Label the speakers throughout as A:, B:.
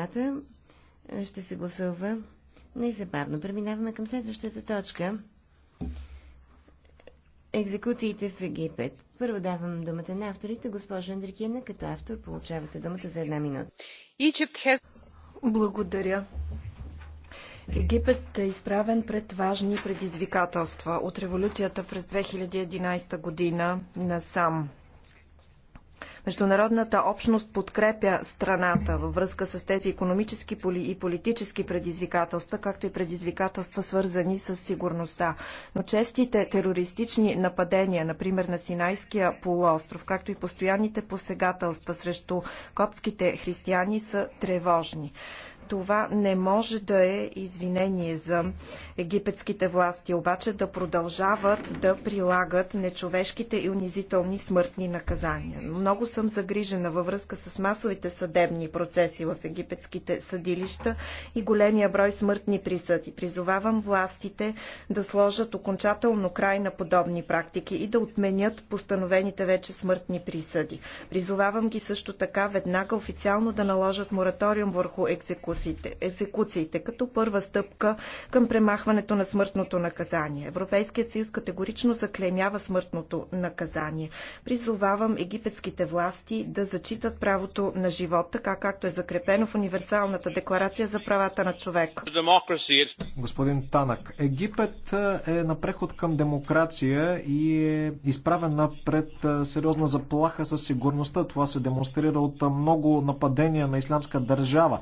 A: отпада. Ще се гласува незабавно. Преминаваме към следващата точка. Екзекуциите в Египет. Първо давам думата на авторите. Госпожа Андрикина, като автор, получавате думата за една минута. Благодаря. Египет е изправен пред важни
B: предизвикателства от революцията през 2011 година насам. Международната общност подкрепя страната във връзка с тези економически и политически предизвикателства, както и предизвикателства свързани с сигурността. Но честите терористични нападения, например на Синайския полуостров, както и постоянните посегателства срещу коптските християни са тревожни това не може да е извинение за египетските власти, обаче да продължават да прилагат нечовешките и унизителни смъртни наказания. Много съм загрижена във връзка с масовите съдебни процеси в египетските съдилища и големия брой смъртни присъди. Призовавам властите да сложат окончателно край на подобни практики и да отменят постановените вече смъртни присъди. Призовавам ги също така веднага официално да наложат мораториум върху екзекуции екзекуциите, екзекуциите като първа стъпка към премахването на смъртното наказание. Европейският съюз категорично заклеймява смъртното наказание. Призовавам египетските власти да зачитат правото на живот, така както е закрепено в Универсалната декларация за правата на човек.
C: Е- Господин Танак, Египет е, е на преход към демокрация и е изправена пред е, сериозна заплаха със сигурността. Това се демонстрира от много нападения на ислямска държава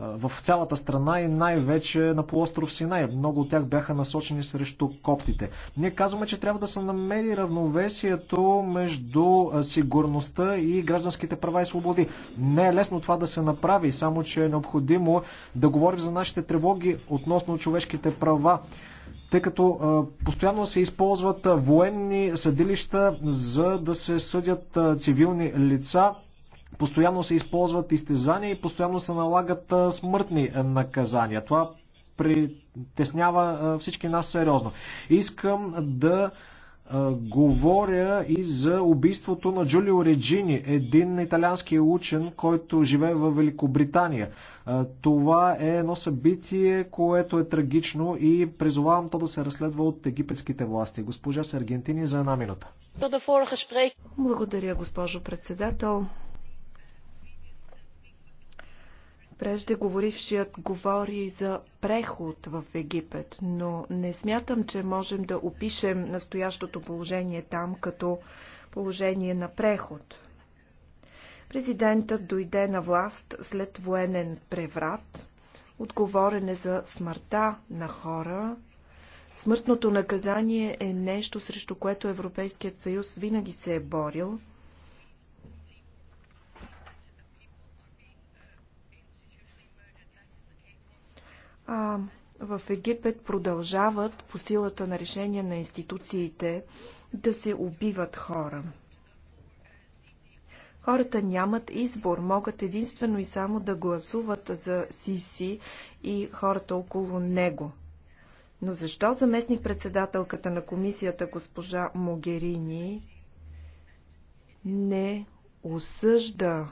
C: в цялата страна и най-вече на полуостров Синай. Много от тях бяха насочени срещу коптите. Ние казваме, че трябва да се намери равновесието между сигурността и гражданските права и свободи. Не е лесно това да се направи, само че е необходимо да говорим за нашите тревоги относно човешките права тъй като а, постоянно се използват военни съдилища за да се съдят а, цивилни лица. Постоянно се използват изтезания и постоянно се налагат смъртни наказания. Това притеснява всички нас сериозно. Искам да говоря и за убийството на Джулио Реджини, един италиански учен, който живее в Великобритания. Това е едно събитие, което е трагично и призовавам то да се разследва от египетските власти. Госпожа Саргентини за една минута.
B: Благодаря, госпожо председател. Преждеговорившият говори за преход в Египет, но не смятам, че можем да опишем настоящото положение там като положение на преход. Президентът дойде на власт след военен преврат, отговорене за смъртта на хора. Смъртното наказание е нещо, срещу което Европейският съюз винаги се е борил. а, в Египет продължават по силата на решение на институциите да се убиват хора. Хората нямат избор, могат единствено и само да гласуват за Сиси и хората около него. Но защо заместник-председателката на комисията госпожа Могерини не осъжда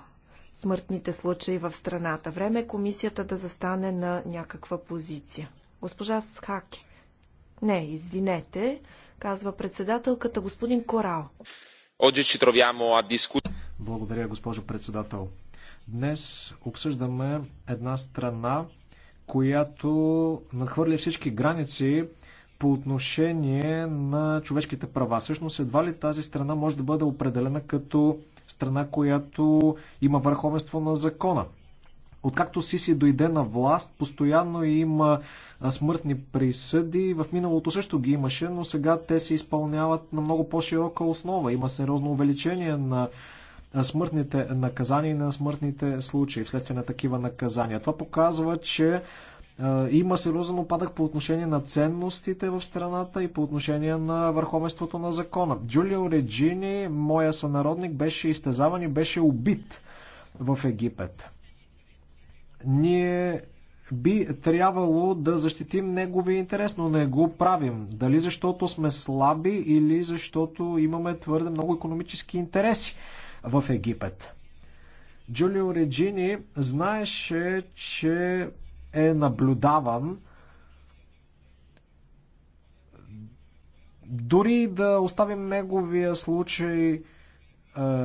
B: смъртните случаи в страната. Време е комисията да застане на някаква позиция. Госпожа Схаке. Не, извинете, казва председателката господин Корал.
C: Благодаря, госпожо председател. Днес обсъждаме една страна, която надхвърля всички граници по отношение на човешките права. Всъщност едва ли тази страна може да бъде определена като страна, която има върховенство на закона. Откакто Сиси дойде на власт, постоянно има смъртни присъди. В миналото също ги имаше, но сега те се изпълняват на много по-широка основа. Има сериозно увеличение на смъртните наказания и на смъртните случаи вследствие на такива наказания. Това показва, че има сериозен опадък по отношение на ценностите в страната и по отношение на върховенството на закона. Джулио Реджини, моя сънародник, беше изтезаван и беше убит в Египет. Ние би трябвало да защитим неговия интерес, но не го правим. Дали защото сме слаби или защото имаме твърде много економически интереси в Египет. Джулио Реджини знаеше, че е наблюдаван. Дори да оставим неговия случай е,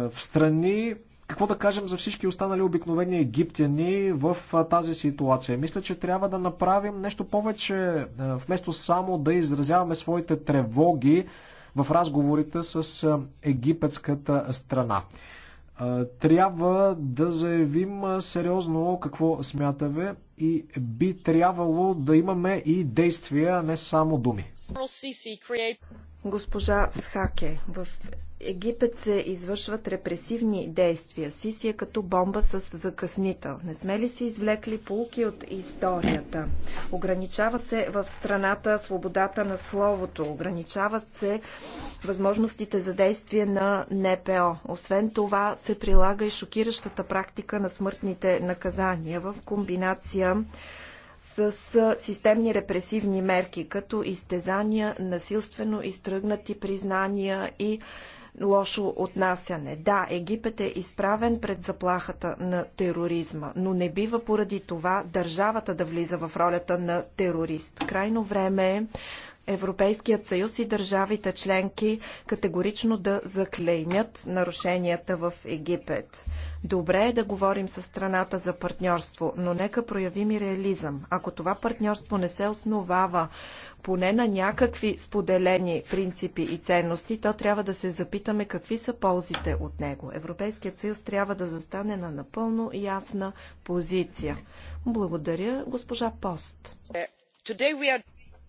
C: в страни, какво да кажем за всички останали обикновени египтяни в е, тази ситуация? Мисля, че трябва да направим нещо повече, е, вместо само да изразяваме своите тревоги в разговорите с е, египетската страна трябва да заявим сериозно какво смятаме и би трябвало да имаме и действия, а не само думи.
B: Госпожа Схаке, в Египет се извършват репресивни действия. Сиси е като бомба с закъснител. Не сме ли си извлекли полуки от историята? Ограничава се в страната свободата на словото. Ограничават се възможностите за действие на НПО. Освен това се прилага и шокиращата практика на смъртните наказания в комбинация с системни репресивни мерки, като изтезания, насилствено изтръгнати признания и лошо отнасяне. Да, Египет е изправен пред заплахата на тероризма, но не бива поради това държавата да влиза в ролята на терорист. Крайно време е Европейският съюз и държавите членки категорично да заклеймят нарушенията в Египет. Добре е да говорим с страната за партньорство, но нека проявим и реализъм. Ако това партньорство не се основава поне на някакви споделени принципи и ценности, то трябва да се запитаме какви са ползите от него. Европейският съюз трябва да застане на напълно ясна позиция.
A: Благодаря, госпожа Пост. Е, are...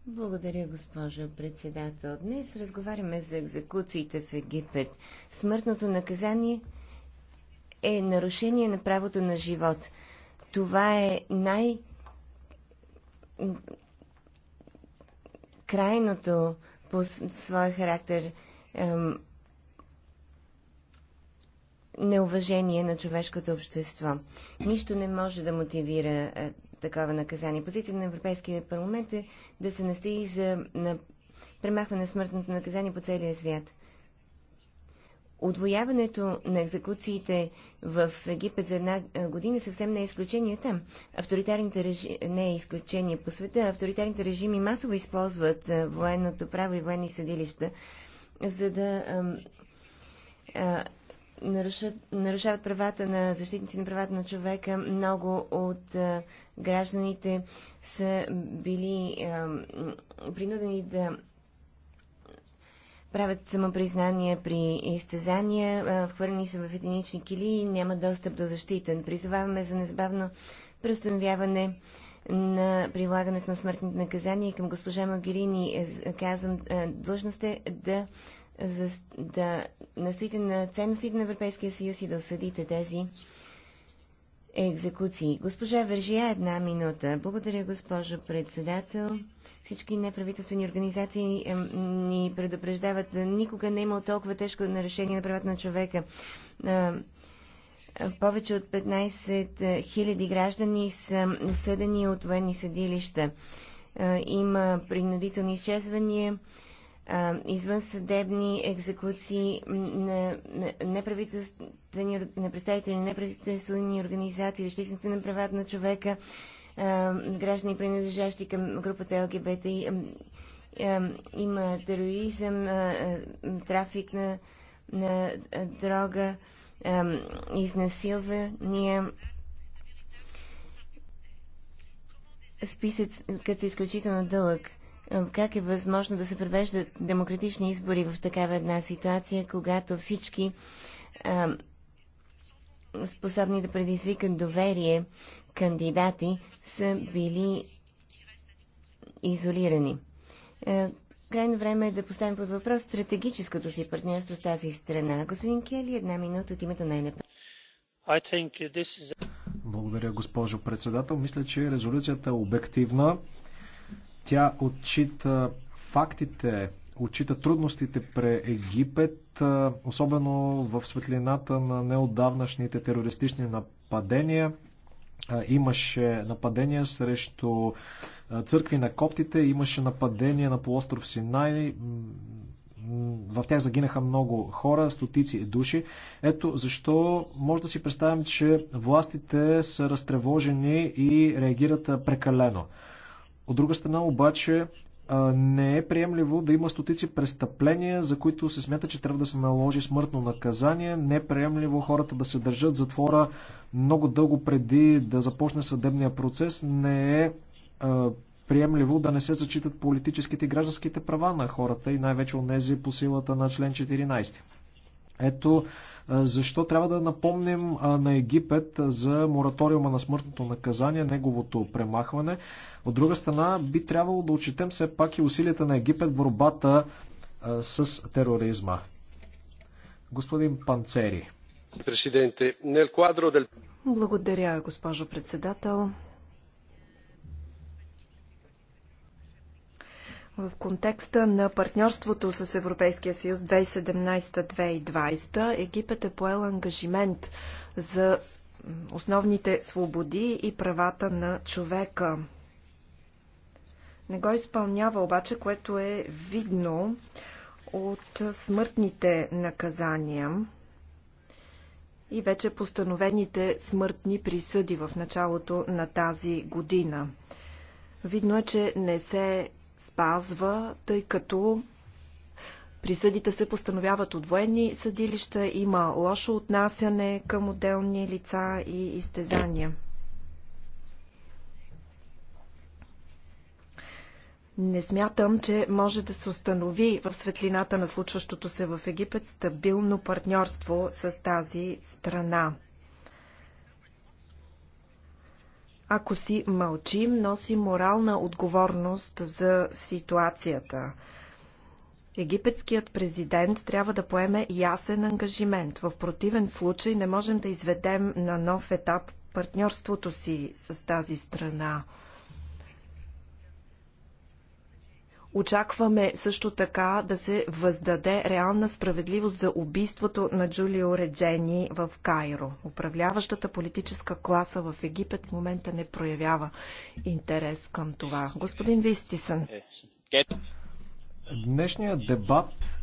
A: Благодаря, госпожо председател. Днес разговаряме за екзекуциите в Египет. Смъртното наказание е нарушение на правото на живот. Това е най- крайното по своя характер ем, неуважение на човешкото общество. Нищо не може да мотивира е, такова наказание. Позиция на Европейския парламент е да се настои за на премахване на смъртното наказание по целия свят. Отвояването на екзекуциите в Египет за една година съвсем не е изключение там. Авторитарните режими, не е изключение по света. Авторитарните режими масово използват военното право и военни съдилища, за да а, а, нарушат, нарушават правата на защитници на правата на човека. Много от а, гражданите са били а, принудени да правят самопризнания при изтезания, хвърлени са в единични кили и няма достъп до защита. Призоваваме за незабавно преустановяване на прилагането на смъртните наказания към госпожа Магирини. Е, казвам, е, длъжна сте да за, да настоите на ценностите на Европейския съюз и да осъдите тези екзекуции. Госпожа Вържия, една минута. Благодаря, госпожо председател. Всички неправителствени организации ни предупреждават, да никога не е имало толкова тежко нарешение на правата на човека. повече от 15 000 е, граждани са съдени от военни съдилища. Е, има принудителни изчезвания извънсъдебни екзекуции на, на, на представители на неправителствени организации, защитниците на правата на човека, а, граждани, принадлежащи към групата ЛГБТ. И, а, има тероризъм, а, трафик на, на дрога, изнасилвания. Списъкът е изключително дълъг. Е, как е възможно да се провеждат демократични избори в такава една ситуация, когато всички а, е, способни да предизвикат доверие кандидати са били изолирани. А, е, крайно време е да поставим под въпрос стратегическото си партньорство с тази страна. Господин Кели, една
C: минута от името на НП. Благодаря, госпожо председател. Мисля, че резолюцията е обективна тя отчита фактите, отчита трудностите пре Египет, особено в светлината на неодавнашните терористични нападения. Имаше нападения срещу църкви на коптите, имаше нападения на полуостров Синай, в тях загинаха много хора, стотици души. Ето защо може да си представим, че властите са разтревожени и реагират прекалено. От друга страна обаче не е приемливо да има стотици престъпления, за които се смята, че трябва да се наложи смъртно наказание. Не е приемливо хората да се държат затвора много дълго преди да започне съдебния процес. Не е приемливо да не се зачитат политическите и гражданските права на хората и най-вече от нези по силата на член 14. Ето защо трябва да напомним на Египет за мораториума на смъртното наказание, неговото премахване. От друга страна, би трябвало да отчетем все пак и усилията на Египет в борбата с тероризма. Господин Панцери.
B: Благодаря, госпожо председател. В контекста на партньорството с Европейския съюз 2017-2020 Египет е поел ангажимент за основните свободи и правата на човека. Не го изпълнява обаче, което е видно от смъртните наказания и вече постановените смъртни присъди в началото на тази година. Видно е, че не се спазва, тъй като присъдите се постановяват от военни съдилища, има лошо отнасяне към отделни лица и изтезания. Не смятам, че може да се установи в светлината на случващото се в Египет стабилно партньорство с тази страна. Ако си мълчим, носи морална отговорност за ситуацията. Египетският президент трябва да поеме ясен ангажимент. В противен случай не можем да изведем на нов етап партньорството си с тази страна. Очакваме също така да се въздаде реална справедливост за убийството на Джулио Реджени в Кайро. Управляващата политическа класа в Египет в момента не проявява интерес към това. Господин Вистисън.
C: Днешният дебат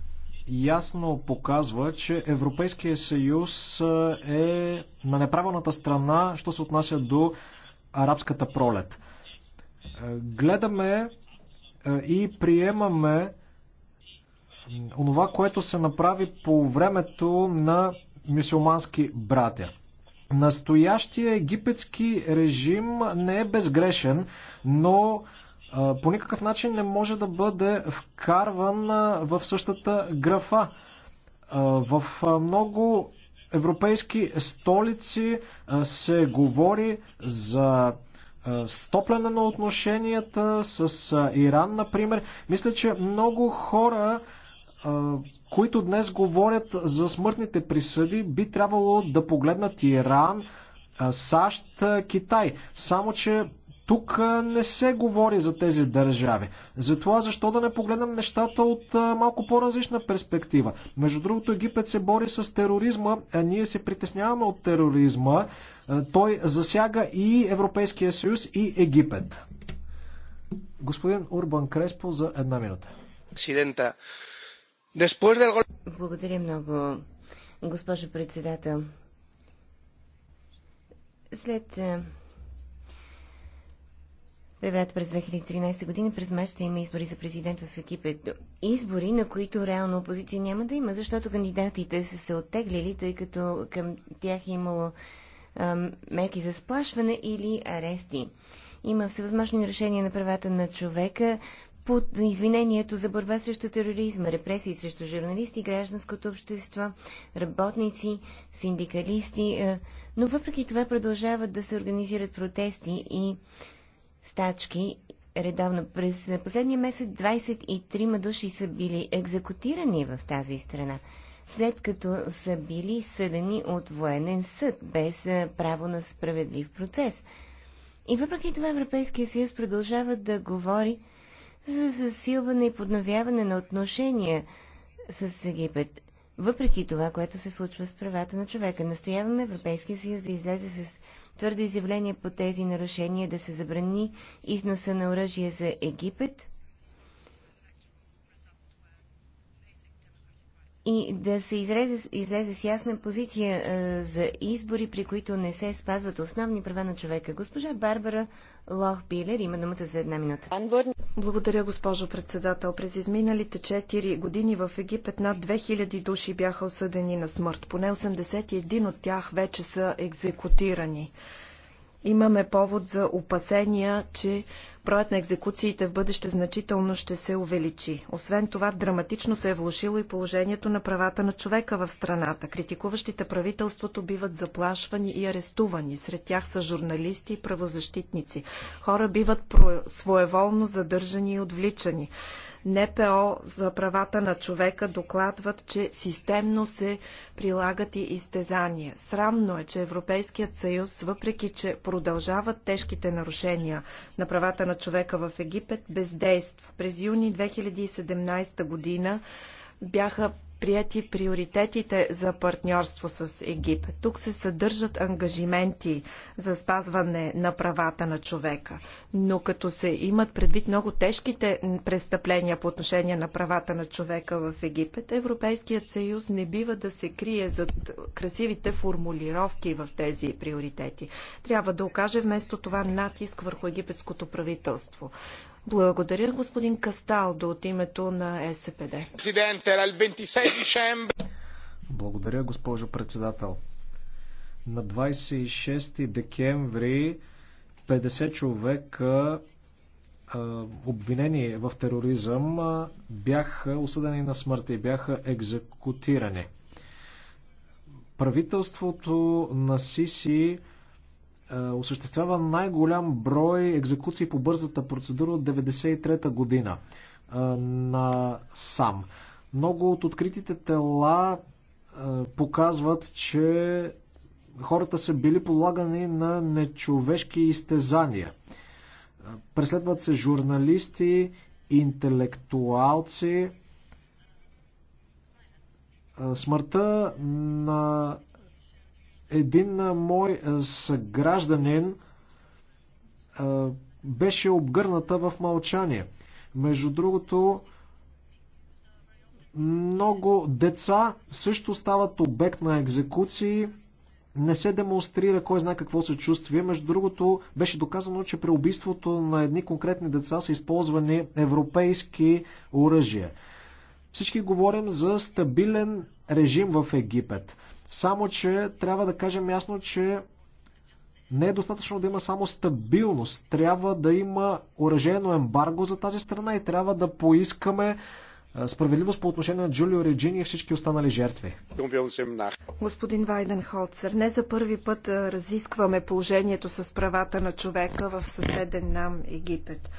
C: ясно показва, че Европейския съюз е на неправилната страна, що се отнася до арабската пролет. Гледаме е, и приемаме онова, което се направи по времето на мюсюлмански братя. Настоящия египетски режим не е безгрешен, но е, по никакъв начин не може да бъде вкарван е, в същата графа. В много европейски столици се говори за стопляне на отношенията с Иран, например. Мисля, че много хора, които днес говорят за смъртните присъди, би трябвало да погледнат Иран, САЩ, Китай. Само, че тук не се говори за тези държави. Затова защо да не погледнем нещата от малко по-различна перспектива. Между другото, Египет се бори с тероризма, а ние се притесняваме от тероризма. Той засяга и Европейския съюз, и Египет. Господин Урбан Креспо за една минута. Благодаря много, госпожо
A: председател. След появяват през 2013 година. През май ще има избори за президент в Египет. Избори, на които реално опозиция няма да има, защото кандидатите са се оттеглили, тъй като към тях е имало мерки за сплашване или арести. Има всевъзможни решения на правата на човека под извинението за борба срещу тероризма, репресии срещу журналисти, гражданското общество, работници, синдикалисти. но въпреки това продължават да се организират протести и стачки редовно. През последния месец 23 души са били екзекутирани в тази страна, след като са били съдени от военен съд, без право на справедлив процес. И въпреки това Европейския съюз продължава да говори за засилване и подновяване на отношения с Египет. Въпреки това, което се случва с правата на човека, настояваме Европейския съюз да излезе с твърдо изявление по тези нарушения да се забрани износа на оръжие за Египет, и да се излезе, излезе с ясна позиция а, за избори, при които не се спазват основни права на човека. Госпожа Барбара Лохбилер има думата за една минута. Благодаря, госпожо председател. През
B: изминалите 4 години в Египет над 2000 души бяха осъдени на смърт. Поне 81 от тях вече са екзекутирани имаме повод за опасения, че броят на екзекуциите в бъдеще значително ще се увеличи. Освен това, драматично се е влушило и положението на правата на човека в страната. Критикуващите правителството биват заплашвани и арестувани. Сред тях са журналисти и правозащитници. Хора биват своеволно задържани и отвличани. НПО за правата на човека докладват, че системно се прилагат и изтезания. Срамно е, че Европейският съюз, въпреки че продължават тежките нарушения на правата на човека в Египет, бездейства. През юни 2017 година бяха прияти приоритетите за партньорство с Египет. Тук се съдържат ангажименти за спазване на правата на човека. Но като се имат предвид много тежките престъпления по отношение на правата на човека в Египет, Европейският съюз не бива да се крие зад красивите формулировки в тези приоритети. Трябва да окаже вместо това натиск върху египетското правителство. Благодаря, господин Касталдо, от името на СПД.
C: Благодаря, госпожо председател. На 26 декември 50 човека обвинени в тероризъм бяха осъдени на смърт и бяха екзекутирани. Правителството на Сиси е, осъществява най-голям брой екзекуции по бързата процедура от 1993 година е, на сам. Много от откритите тела е, показват, че хората са били подлагани на нечовешки изтезания. Преследват се журналисти, интелектуалци. Смъртта на един мой съгражданин беше обгърната в мълчание. Между другото, много деца също стават обект на екзекуции. Не се демонстрира кой знае какво се чувствие. Между другото, беше доказано, че при убийството на едни конкретни деца са използвани европейски оръжия. Всички говорим за стабилен режим в Египет. Само, че трябва да кажем ясно, че не е достатъчно да има само стабилност. Трябва да има уражено ембарго за тази страна и трябва да поискаме справедливост по отношение на Джулио Реджини и всички останали жертви. Господин
B: Вайден Холцер, не за първи път разискваме положението с правата на човека в съседен нам Египет.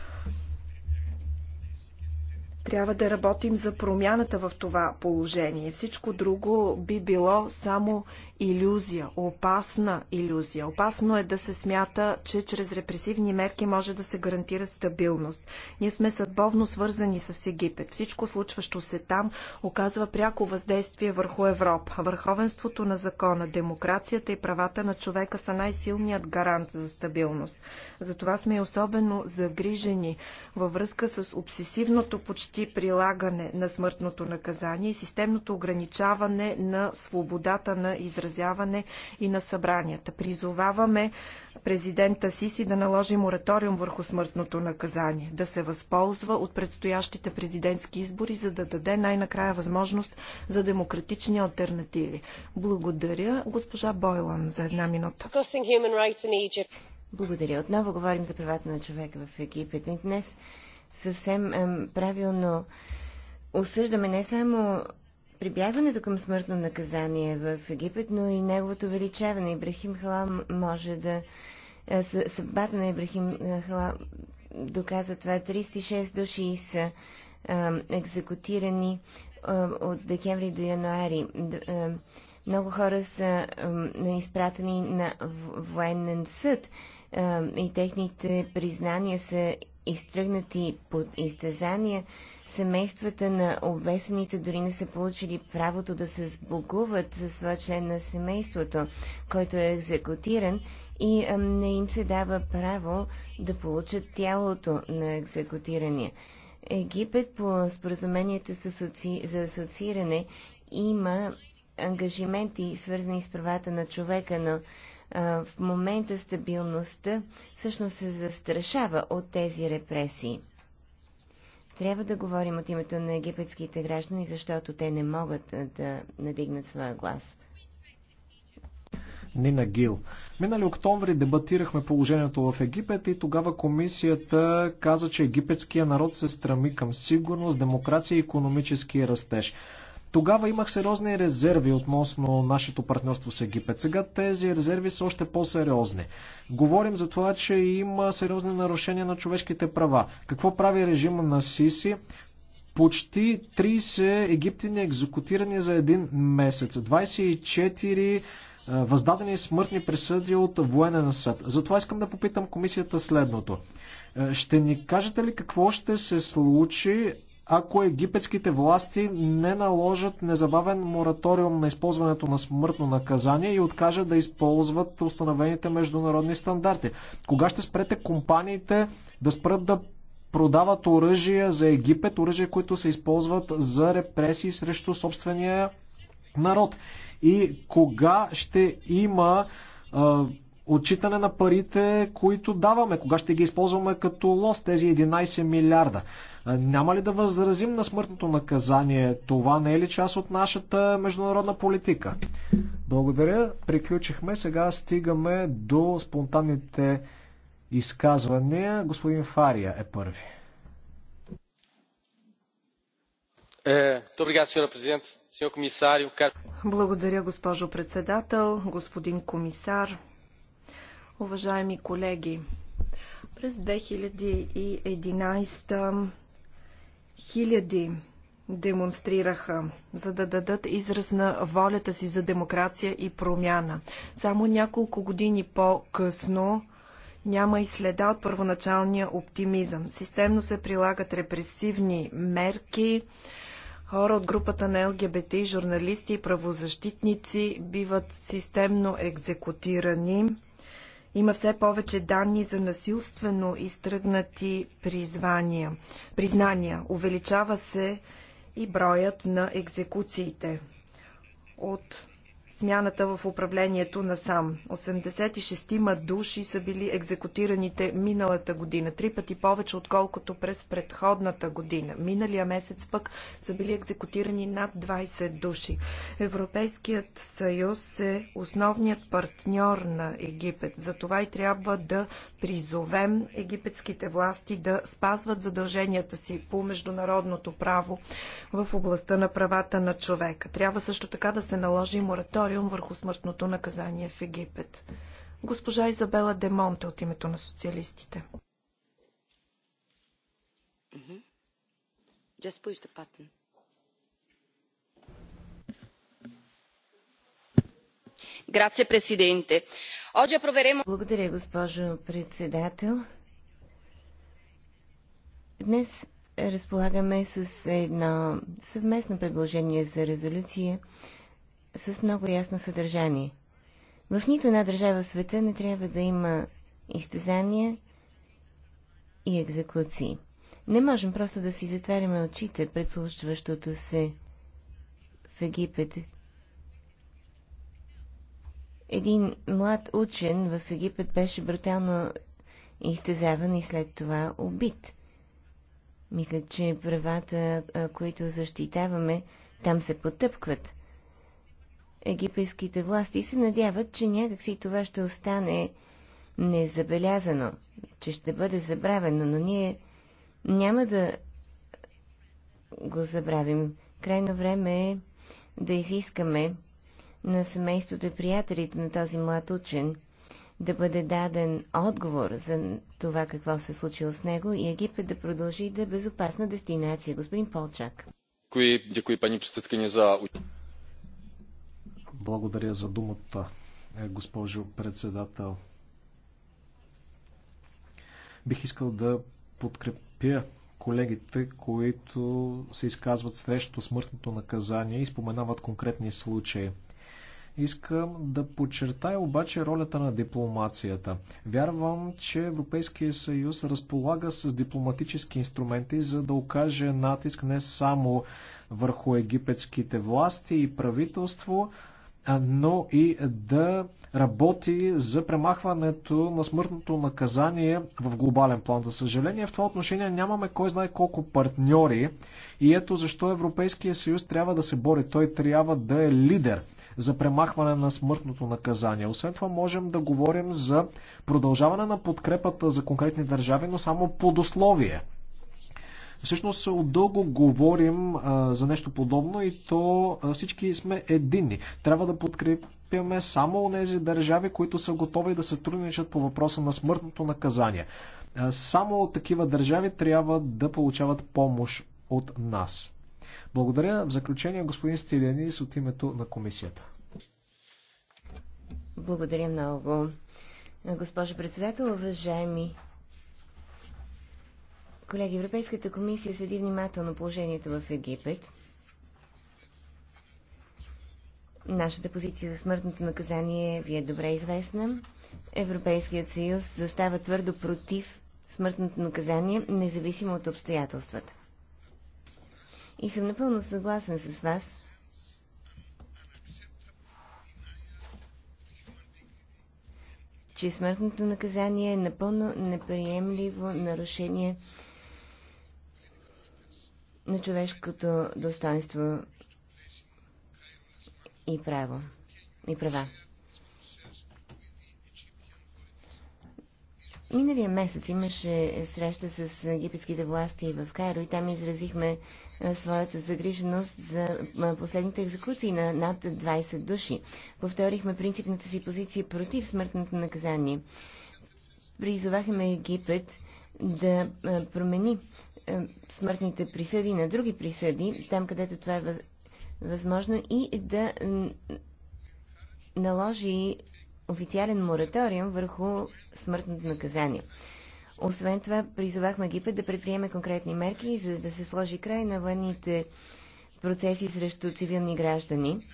B: Трябва да работим за промяната в това положение. Всичко друго би било само иллюзия, опасна иллюзия. Опасно е да се смята, че чрез репресивни мерки може да се гарантира стабилност. Ние сме съдбовно свързани с Египет. Всичко случващо се там оказва пряко въздействие върху Европа. Върховенството на закона, демокрацията и правата на човека са най-силният гарант за стабилност. Затова сме и особено загрижени във връзка с обсесивното почти прилагане на смъртното наказание и системното ограничаване на свободата на изразяване изразяване и на събранията. Призоваваме президента Сиси да наложи мораториум върху смъртното наказание, да се възползва от предстоящите президентски избори, за да даде най-накрая възможност за демократични альтернативи. Благодаря
A: госпожа Бойлан за една минута. Благодаря. Отново говорим за правата на човека в Египет. И днес съвсем правилно осъждаме не само прибягването към смъртно наказание в Египет, но и неговото увеличаване. Ибрахим Халам може да... Е, съдбата на Ибрахим е, Халам доказва това. 36 души са е, екзекутирани от декември до януари. много хора са изпратени на военен съд и техните признания са изтръгнати под изтезания семействата на обесените дори не са получили правото да се сбогуват за своя член на семейството, който е екзекутиран и не им се дава право да получат тялото на екзекутирания. Египет по споразуменията за асоцииране има ангажименти, свързани с правата на човека, но в момента стабилността всъщност се застрашава от тези репресии. Трябва да говорим от името на египетските граждани, защото те не могат да надигнат своя глас.
C: Нина Гил. Минали октомври дебатирахме положението в Египет и тогава комисията каза, че египетския народ се страми към сигурност, демокрация и економически растеж. Тогава имах сериозни резерви относно нашето партньорство с Египет. Сега тези резерви са още по-сериозни. Говорим за това, че има сериозни нарушения на човешките права. Какво прави режима на Сиси? Почти 30 египтини екзекутирани за един месец. 24 е, въздадени смъртни присъди от военен съд. Затова искам да попитам комисията следното. Е, ще ни кажете ли какво ще се случи, ако египетските власти не наложат незабавен мораториум на използването на смъртно наказание и откажат да използват установените международни стандарти? Кога ще спрете компаниите да спрат да продават оръжия за Египет, оръжия, които се използват за репресии срещу собствения народ? И кога ще има отчитане на парите, които даваме, кога ще ги използваме като лос, тези 11 милиарда. Е, няма ли да възразим на смъртното наказание? Това не е ли част от нашата международна политика? Благодаря. Приключихме. Сега стигаме до спонтанните изказвания. Господин Фария е първи. Е,
B: Благодаря, госпожо председател, господин комисар, уважаеми колеги. През 2011 Хиляди демонстрираха, за да дадат израз на волята си за демокрация и промяна. Само няколко години по-късно няма и следа от първоначалния оптимизъм. Системно се прилагат репресивни мерки. Хора от групата на ЛГБТ, журналисти и правозащитници биват системно екзекутирани. Има все повече данни за насилствено изтръгнати призвания, признания. Увеличава се и броят на екзекуциите. От смяната в управлението на сам. 86-ма души са били екзекутираните миналата година, три пъти повече отколкото през предходната година. Миналия месец пък са били екзекутирани над 20 души. Европейският съюз е основният партньор на Египет. Затова и трябва да призовем египетските власти да спазват задълженията си по международното право в областта на правата на човека. Трябва също така да се наложи мораториум мораториум върху смъртното наказание в Египет. Госпожа Изабела Демонте от името на социалистите. Just push the button.
A: Благодаря, госпожо председател. Днес разполагаме с едно съвместно предложение за резолюция с много ясно съдържание. В нито една държава в света не трябва да има изтезания и екзекуции. Не можем просто да си затваряме очите пред случващото се в Египет. Един млад учен в Египет беше брутално изтезаван и след това убит. Мисля, че правата, които защитаваме, там се потъпкват египетските власти се надяват, че някакси това ще остане незабелязано, че ще бъде забравено, но ние няма да го забравим. Крайно време е да изискаме на семейството и приятелите на този млад учен да бъде даден отговор за това какво се е случило с него и Египет да продължи да е безопасна дестинация. Господин Полчак.
C: Děkuji, děkuji paní předsedkyně za благодаря за думата, е, госпожо председател. Бих искал да подкрепя колегите, които се изказват срещу смъртното наказание и споменават конкретни случаи. Искам да подчертая обаче ролята на дипломацията. Вярвам, че Европейския съюз разполага с дипломатически инструменти, за да окаже натиск не само върху египетските власти и правителство, но и да работи за премахването на смъртното наказание в глобален план. За съжаление, в това отношение нямаме кой знае колко партньори и ето защо Европейския съюз трябва да се бори. Той трябва да е лидер за премахване на смъртното наказание. Освен това, можем да говорим за продължаване на подкрепата за конкретни държави, но само под условие – Всъщност от дълго говорим а, за нещо подобно и то а, всички сме единни. Трябва да подкрепяме само тези държави, които са готови да сътрудничат по въпроса на смъртното наказание. А, само такива държави трябва да получават помощ от нас. Благодаря. В заключение господин Стилянис от името на комисията.
A: Благодаря много. Госпожо председател, уважаеми Колеги, Европейската комисия следи внимателно положението в Египет. Нашата позиция за смъртното наказание ви е добре известна. Европейският съюз застава твърдо против смъртното наказание, независимо от обстоятелствата. И съм напълно съгласен с вас, че смъртното наказание е напълно неприемливо нарушение на човешкото достоинство и право и права. Миналия месец имаше среща с египетските власти в Кайро и там изразихме своята загриженост за последните екзекуции на над 20 души. Повторихме принципната си позиция против смъртното наказание. Призовахме Египет да промени е, смъртните присъди на други присъди, там където това е възможно, и да наложи официален мораториум върху смъртното наказание. Освен това, призовахме Египет да предприеме конкретни мерки, за да се сложи край на военните процеси срещу цивилни граждани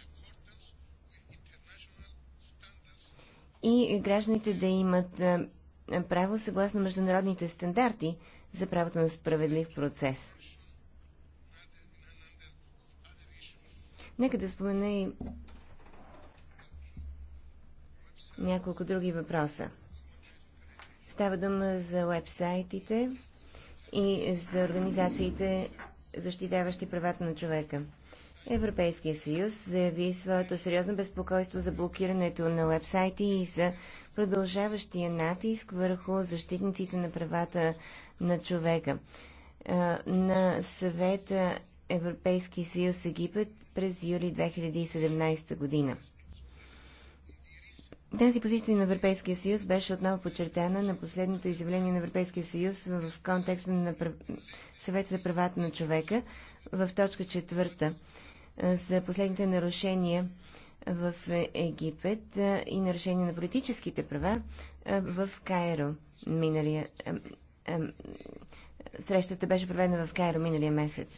A: и гражданите да имат право съгласно международните стандарти за правото на справедлив процес. Нека да спомена и няколко други въпроса. Става дума за вебсайтите и за организациите, защитаващи правата на човека. Европейския съюз заяви своето сериозно безпокойство за блокирането на вебсайти и за продължаващия натиск върху защитниците на правата на човека на съвета Европейски съюз Египет през юли 2017 година. Тази позиция на Европейския съюз беше отново подчертана на последното изявление на Европейския съюз в контекста на Съвет за правата на човека в точка четвърта за последните нарушения в Египет и нарушение на политическите права в Кайро миналия. Срещата беше проведена в Кайро миналия месец.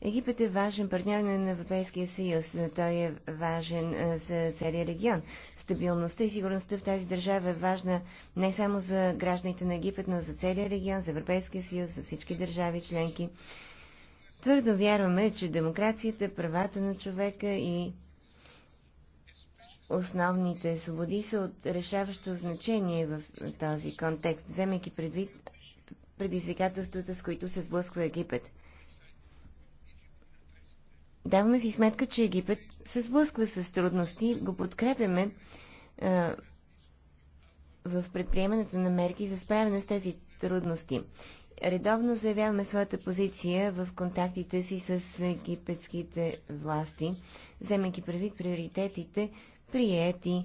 A: Египет е важен партньор на Европейския съюз. Той е важен за целия регион. Стабилността и сигурността в тази държава е важна не само за гражданите на Египет, но за целия регион, за Европейския съюз, за всички държави членки. Твърдо вярваме, че демокрацията, правата на човека и основните свободи са от решаващо значение в този контекст, вземайки предвид предизвикателствата, с които се сблъсква Египет. Даваме си сметка, че Египет се сблъсква с трудности, го подкрепяме в предприемането на мерки за справяне с тези трудности. Редовно заявяваме своята позиция в контактите си с египетските власти, вземайки предвид приоритетите, приети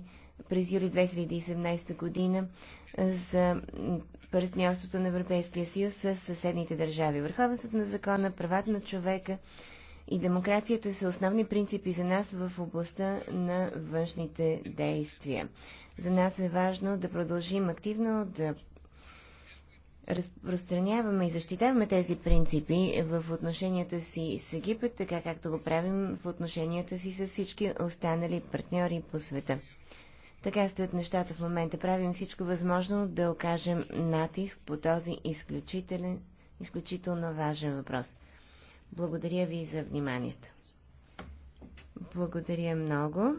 A: през юли 2017 година за партньорството на Европейския съюз с съседните държави. Върховенството на закона, правата на човека и демокрацията са основни принципи за нас в областта на външните действия. За нас е важно да продължим активно да разпространяваме и защитаваме тези принципи в отношенията си с Египет, така както го правим в отношенията си с всички останали партньори по света. Така стоят нещата в момента. Правим всичко възможно да окажем натиск по този изключителен, изключително важен въпрос. Благодаря ви за вниманието. Благодаря много.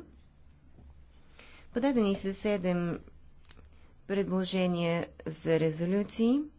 A: Подадени са седем предложения за резолюции.